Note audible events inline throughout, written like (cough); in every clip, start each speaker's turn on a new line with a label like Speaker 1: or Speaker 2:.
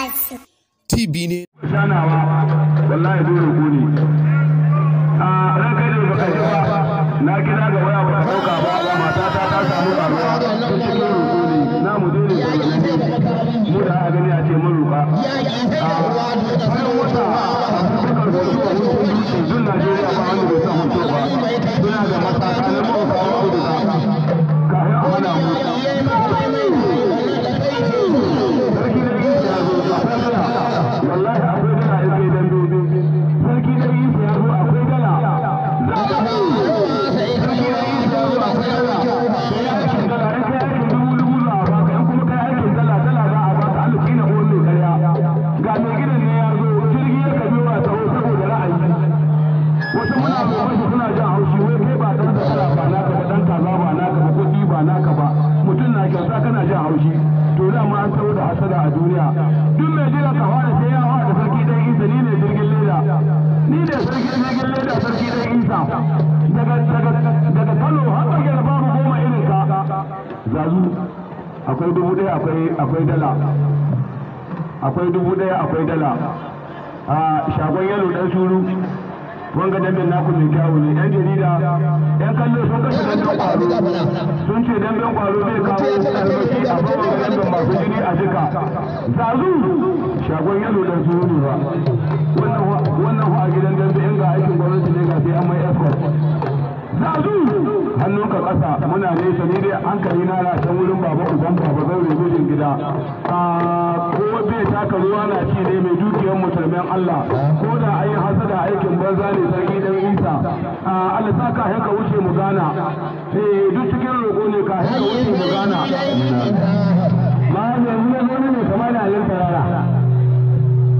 Speaker 1: ba TB ne. Shanawa, wallahi dole A ah, ran kai da na kira ga waya ba dauka ba, matata ta samu karuwa. Ku ci dole ku ne, na mu ne. Mu da aka gani a ce mun ruba. A bayan wata, a cikin da wani Najeriya ba wani bai samu to ba. bashi suna jan haushi wai kai ba dan zakara ba naka ba dan kaza ba na ka kuɗi ba naka ba mutum na kyauta kana jin haushi to da ma an tsaro da hasada a duniya duk mai jira ka fara sai ya fara sarki dan isa ni ne jirgin leda ni ne sarki jirgin leda sarki dan isa daga daga daga Kano har daga babu goma irin ka zazu akwai dubu ɗaya akwai akwai dala akwai dubu ɗaya akwai dala a ah, shagon yalo dan shuru wanga dambe naku mai kyawu ne yan jarida yan kallo sun kashe damben kwaro sun ce damben kwaro zai kawo albarki a bawa dambe masu jini a jika zazu shagon yalo da su yi ba wannan a gidan dambe in ga aikin gwamnati ne ga sai an mai escort zazu ka kasa muna nesa ni dai hankali na na can wurin baba uban baba zaure gudun gida ruwa bai taka ruwa na ci ne mai dukiyar musulmin Allah ko da ayi hasada aikin banza ne sarki dan Isa Allah sa ka haka wuce mu gana eh duk cikin roƙo ne ka haka wuce mu gana ma yanzu ne ne ne kamar da alin tarara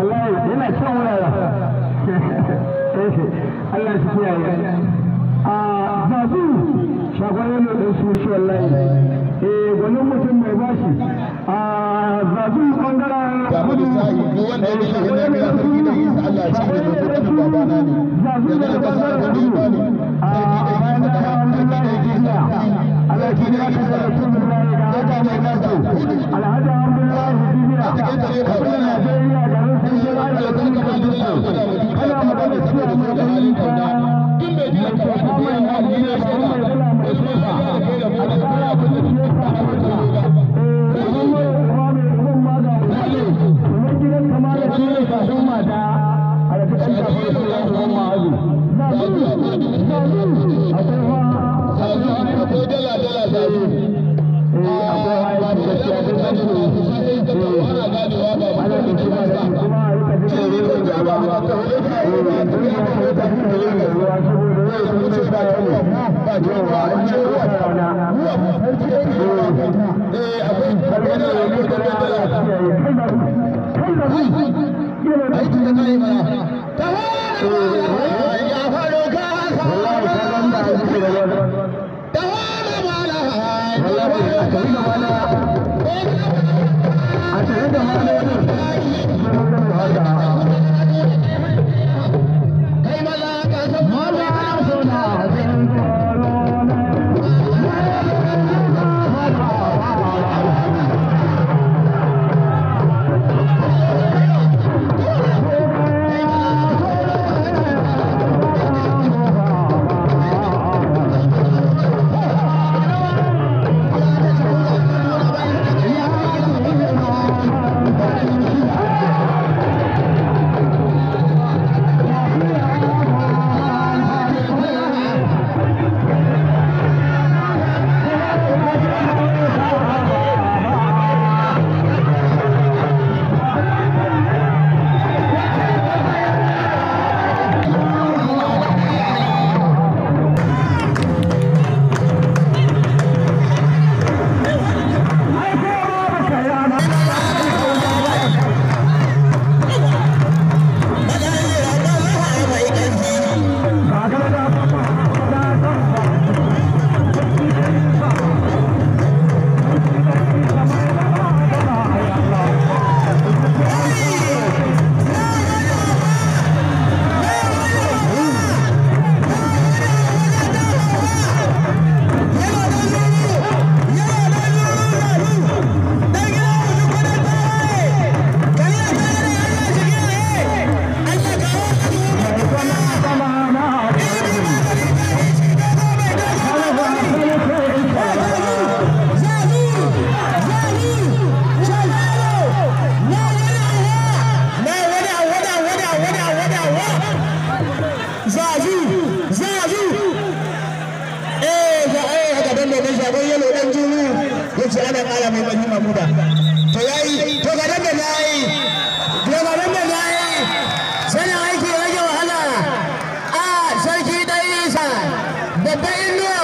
Speaker 1: Allah yana kyan wurare (laughs) Allah shi yi a zazu shakwarin da su shi wallahi eh gwanin mutum mai bashi a zazu ga malisahi duk wanda ya yi yana ga sarki da isa Allah ya cike da lokacin babana ne yana da kasa da ne Thank eh, you.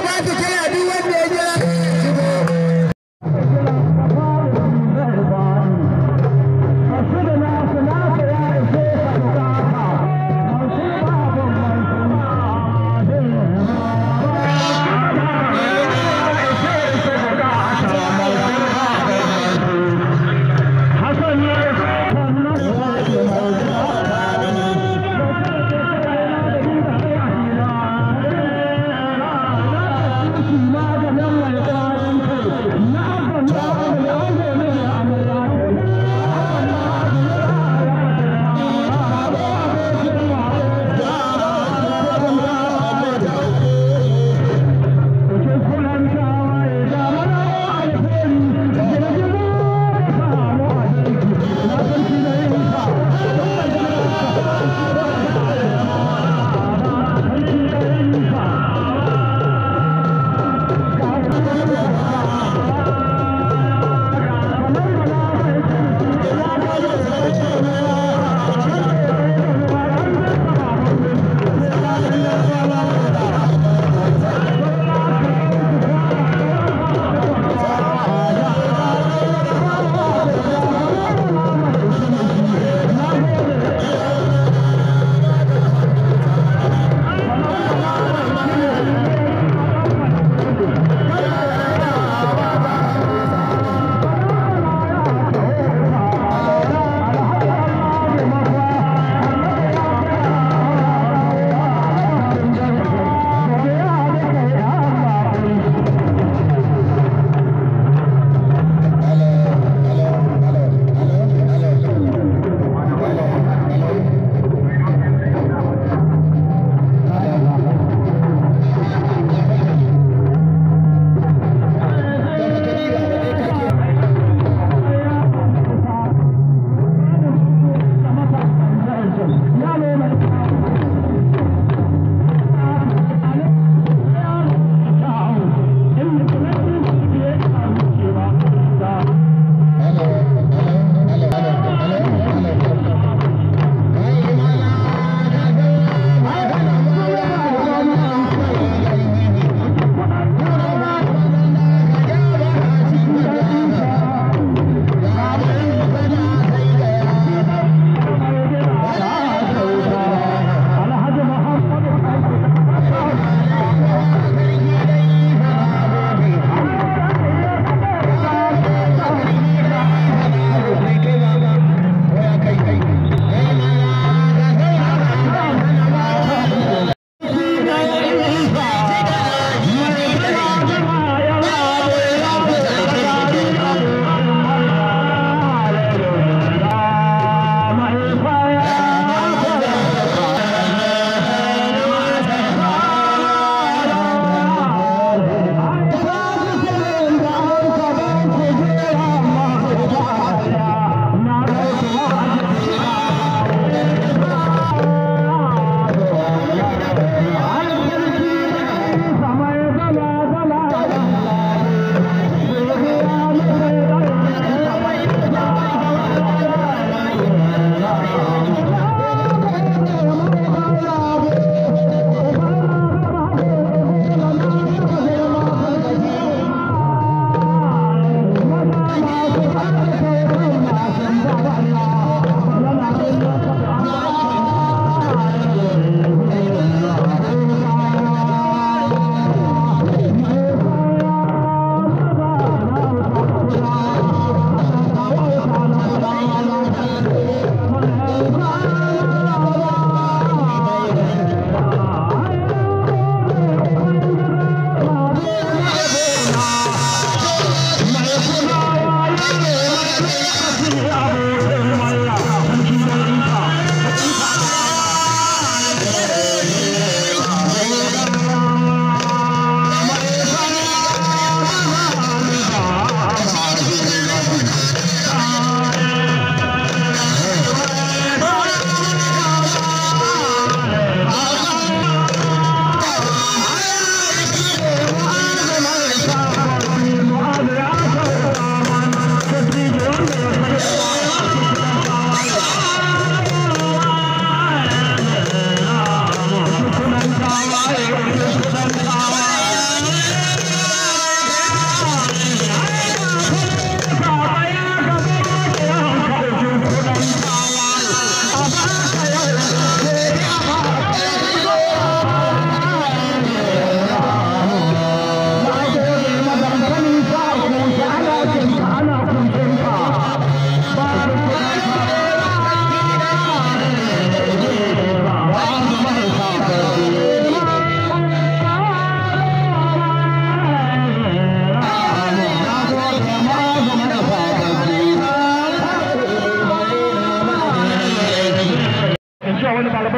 Speaker 1: ba ki kira duk wanda ya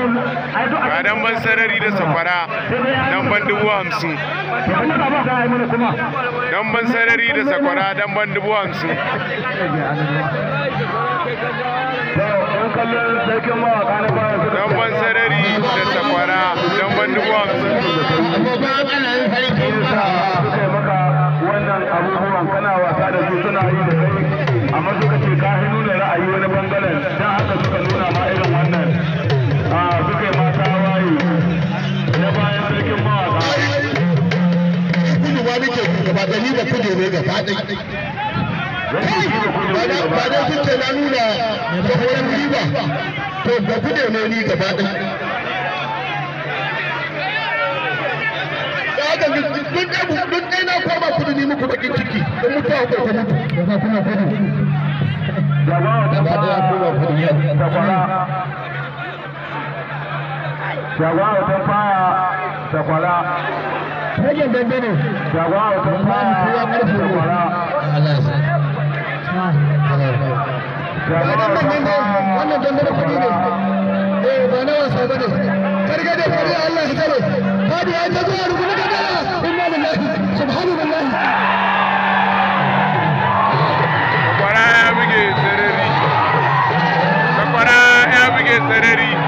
Speaker 1: ga ban sarari da sakwara dan ban dubu hamsin dan ban sarari da sakwara dan ban dubu hamsin dan ban sarari da sakwara dan ban dubu hamsin wannan abubuwan kana wasa da su suna yi da kai Kamaru gaba ɗai.
Speaker 2: Ba
Speaker 1: da na nuna tsohon riba to ga gaba ɗai. Dun ɗai na koma kudu ni muku bakin ciki mutu. Gaba kuna kudu. Gaba kudu yau. Jawa ta fara rage dangane fara ne Allah ya sa ya buge